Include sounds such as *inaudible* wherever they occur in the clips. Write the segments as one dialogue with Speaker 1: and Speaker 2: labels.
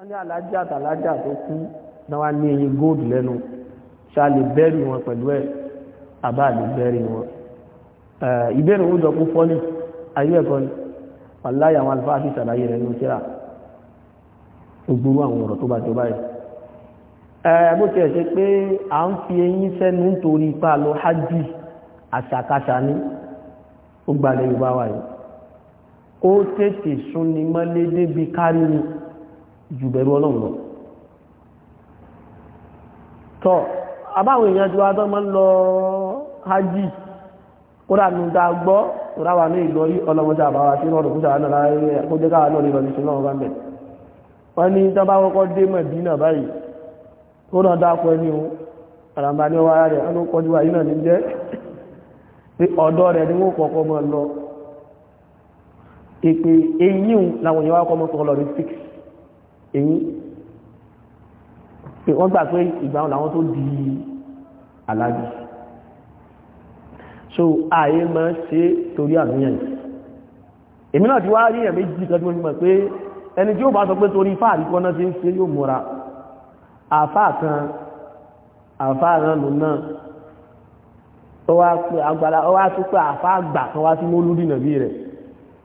Speaker 1: wọ́n ní alájà àtàlájà tó kú náà wá ní eyín góòdù lẹ́nu ṣá lè bẹ́rì wọn pẹ̀lú ẹ̀ àbá lè bẹ́rì wọn ìbéèrè ó jọ kó fọ́lì ayé ẹ̀kọ́ ni wàláyé àwọn alifáà sì ṣàlàyé rẹ̀ nínú tíra gbogbo àwọn ọ̀rọ̀ tó bá jọ báyìí bó tiẹ̀ ṣe pé à ń fi eyín sẹ́nu nítorí ipá lọ hajj àṣàkáṣà ní ó gbalẹ̀ yorùbá wa yìí ó tètè súnni mọ́lé débi kárí ni. Male, jù bẹ̀rù ọlọ́run lọ tọ́ àbáwọn èèyàn tí wá tán máa ń lọ hajj kódà nù dá gbọ́ kódà wà ní ìlọ ọlọ́mọdé àbáwá sí rọrùn kódà náà láyé kó jẹ́ káwà náà lè lọ níṣẹ́ náà bá bẹ̀ wọ́n ní tán bá kọ́kọ́ dé Mẹdínà báyìí náà dákọ̀ ẹni náà ní ni wọ́n kọ́kọ́ mọ́ lọ èpè eyín làwọn èèyàn wá kọ́ mọ́ èyí wọ́n gbà pé ìgbà wọn làwọn tó di aláàjì so ààyè máa ṣe torí àníyàn èmi náà ti wá rí ẹ̀mí jí kan tí wọ́n ti mọ̀ pé ẹni tí ó bá sọ pé torí fáà rí kọ́ná tí ń ṣe yóò múra àfáà kan àfáà kan lò náà ó wá pé agbára ó wá tó pé àfáà gbà kan wá sí mólúdì nàbí rẹ̀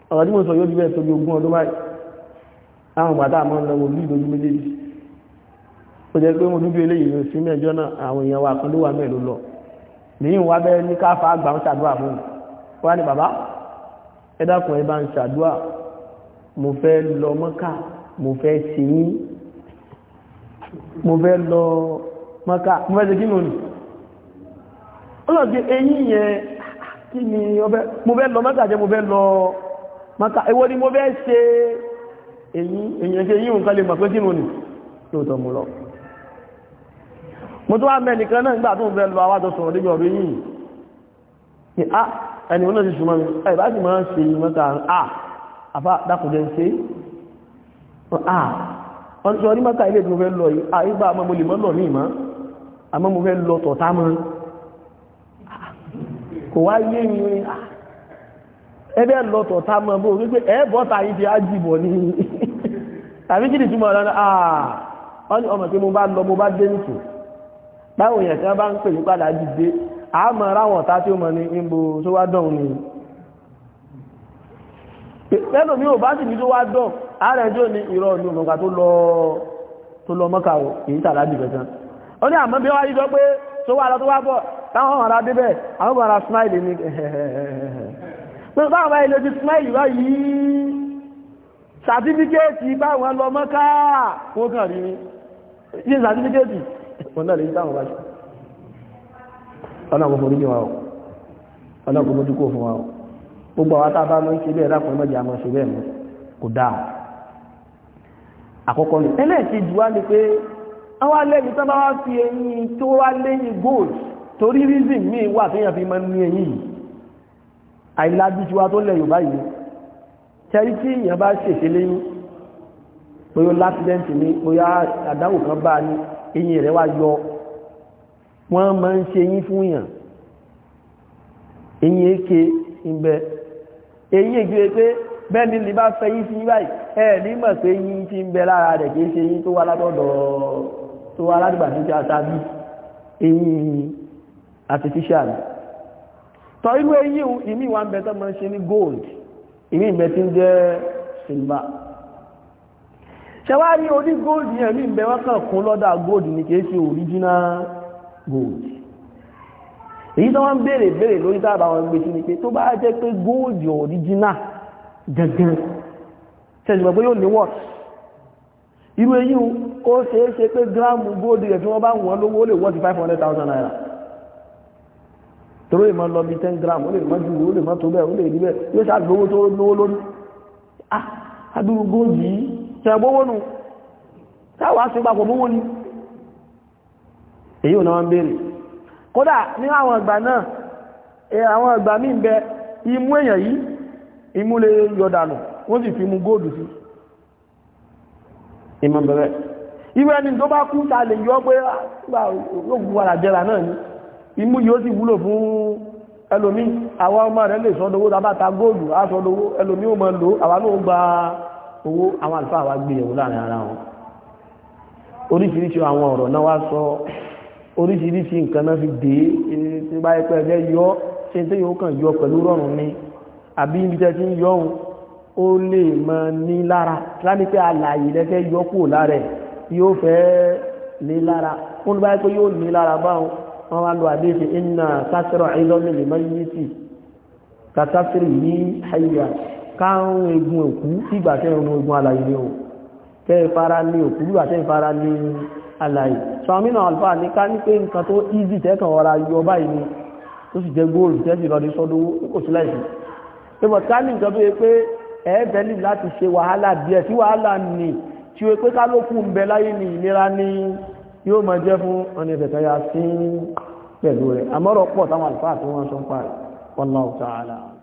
Speaker 1: ọ̀rọ̀ tí mo sọ yóò di bẹ́ẹ̀ tóbi ogún ọdún báyìí àwọn ìgbàtà àmọ́ lọ́wọ́ olú ìlú méjèèjì ó jẹ́ pé mo dúdú eléyìí ló sí mẹ́jọ náà àwọn èèyàn wa kan ló wà mẹ́rin lọ lèyìn wá bẹ́ẹ̀ ní káfà àgbà ń ṣàdúrà fún mi wá ní bàbá ẹ dákun ẹ bá ń ṣàdúrà mo fẹ́ lọ mọ́kà mo fẹ́ ṣe yín mo fẹ́ lọ mọ́kà mo fẹ́ ṣe kí lónìí ó lọ sí eyín yẹn ah, kí ni ọbẹ̀ mo fẹ́ lọ mọ́kà jẹ́ mo fẹ́ lọ mọ́kà èwo ni mo fẹ́ ṣe èyàn ṣe yíò nǹkan lè mọ̀ pé kí ní lóòtọ́ mú lọ mo tó wá mẹ́nìkan náà nígbà tó ń bẹ́ lọ àwájọ sọ̀rọ̀ lójú ọ̀rọ̀ yìí ni a ah, ẹni wọn náà ti súnmọ́ mi ẹ̀ bá sì máa ń ṣe yìí mọ́ta a ah, àfá dákùnjẹ́ ń a ah, wọ́n a ìgbà àmọ́ mo lè mọ́ lọ ní ẹ̀ *laughs* tàbí kí ni túmọ̀ lọ́nà àà wọ́n ní ọmọ tí mo bá lọ mo bá dé nìtò báwo yẹn tí wọ́n bá ń pè ní padà dìde àmọ́ ráwọ̀ tá tí ó mọ̀ ní ìbò tó wá dán ni lẹ́nu mi ò bá sì ní tó wá dán ààrẹ tí ó ní ìrọ̀ ní òmùgbà tó lọ mọ́kàwọ̀ èyí tàbí dìbẹ̀ sàtífíkẹ́ẹ̀tì báwọn lọ mọ́ká wọ́n kàn rí ní sàtífíkẹ́ẹ̀tì wọ́n náà lè dáwọn wáṣẹ́ ọ̀nà gbogbo orílẹ̀ wọn ọ̀nà gbogbo dúkò fún wọn gbogbo àwọn tàbá mọ́ ṣe bẹ́ẹ̀ rákùnrin mọ́jà mọ́ ṣe bẹ́ẹ̀ mọ́ kò dáa àkọ́kọ́ ni ẹlẹ́ẹ̀kejì wá ni pé àwọn alẹ́ni tán bá wá fi ẹyin tó wá lẹ́yìn gold torí reason míì wà téèyàn fi mọ́ ní ẹyin yìí wá tó lẹ̀ Yorùbá tẹ́rí tí èèyàn bá ṣèṣe léyìn bóyá lápidẹ́ǹtì ni bóyá àdáwò kan bá ní eyín rẹ̀ wá yọ wọ́n máa ń ṣe eyín fún èèyàn eyín èké ìbẹ eyín èké pé bẹ́ẹ̀ni lè bá fẹ́ yín sí báyìí ẹ ní mọ̀ pé yín ti ń bẹ lára rẹ̀ kì í ṣe eyín tó wá látọ̀dọ̀ tó wá látìgbà tó ti aṣáájú eyín artificial tọ́ irú eyín ìmí wa ń bẹ tó máa ń ìmí ìbẹ̀ tí jẹ́ silva ṣẹwàá ní oní gold yẹn ní ìbẹ̀ wọ́n kún lọ́dà gold ní kìí ṣe original gold èyí tó wọ́n béèrè béèrè lórí tábà wọn gbé sí ni pé tó bá jẹ́ pé gold original gẹ̀gẹ̀ ṣẹ̀ṣùgbọ́n pé yóò ní irú èyí ó ṣeé ṣe pé gíráàmù gold rẹ̀ tí wọ́n bá wọ́n lówó lè wọ́n ti 500,000 naira tóró ìmọ̀ lọ bí 10 gram ó lè mọ́ jù ó lè mọ́ tó bẹ́ẹ̀ ó lè rí bẹ́ẹ̀ yóò ṣàgbówó tó lówó lónìí ah adúrúgbó yìí tẹ̀gbówó nù táwà sí papọ̀ mówó ni èyí ò náà ń béèrè kódà ní àwọn àgbà náà àwọn àgbà míì ń bẹ imú èèyàn yìí imú lè yọ̀dànù wọ́n sì fi mú góòdù sí ìmọ̀ bẹ̀rẹ̀ irú ẹni tó bá kú ta lè yọ pé ó gbà ó gbà jẹrà náà ni imú yóò sì wúlò fún ẹlòmí àwọn ọmọ rẹ̀ lè sọ́dọ̀wó tàbátà góòlù aṣọ́dọ̀wó ẹlòmí ò mọ́ lò àwọn náà gba owó àwọn àlùfáà wá gbé ẹ̀wò láàrin ara wọn oríṣiríṣi àwọn ọ̀rọ̀ náà wá sọ oríṣiríṣi nǹkan náà fi dé tí bá ẹpẹ ẹgbẹ́ yọ ṣe tí yóò kàn yọ pẹ̀lú rọrùn ni àbí wọ́n wá lọ àdéṣe iná kásìrò ìlọ́mì lè mọ́ yìí sí kàtàsìrì ní àyíyà káwọn egun òkú ìgbà tẹ́ ọmọ egun alàyè ni o tẹ́ ìfara ní òkú ìgbà tẹ́ ìfara ní alàyè so àmìnà alfa ní ká ní pé nǹkan tó easy tẹ́kàn ọ̀rọ̀ ayọ̀ báyìí ni tó sì jẹ góòlù tẹ́sì lọ́dí sọ́dọ́wó kò sí láìsí ìbọ̀ ká ní nǹkan tó yẹ pé ẹ̀ẹ́bẹ̀lì láti ṣe wàhálà díẹ̀ tí wàhálà nì tí ó yẹ pé kálókù ń bẹ láyé ní ìlera ní yóò máa jẹ́ fún ọ̀nà ìfẹ̀tẹ̀ ya sí pẹ̀lú rẹ̀ àmọ́rọ̀ pọ̀ táwọn àlùfáà tí wọ́n sọ ń parí wallahu ta'ala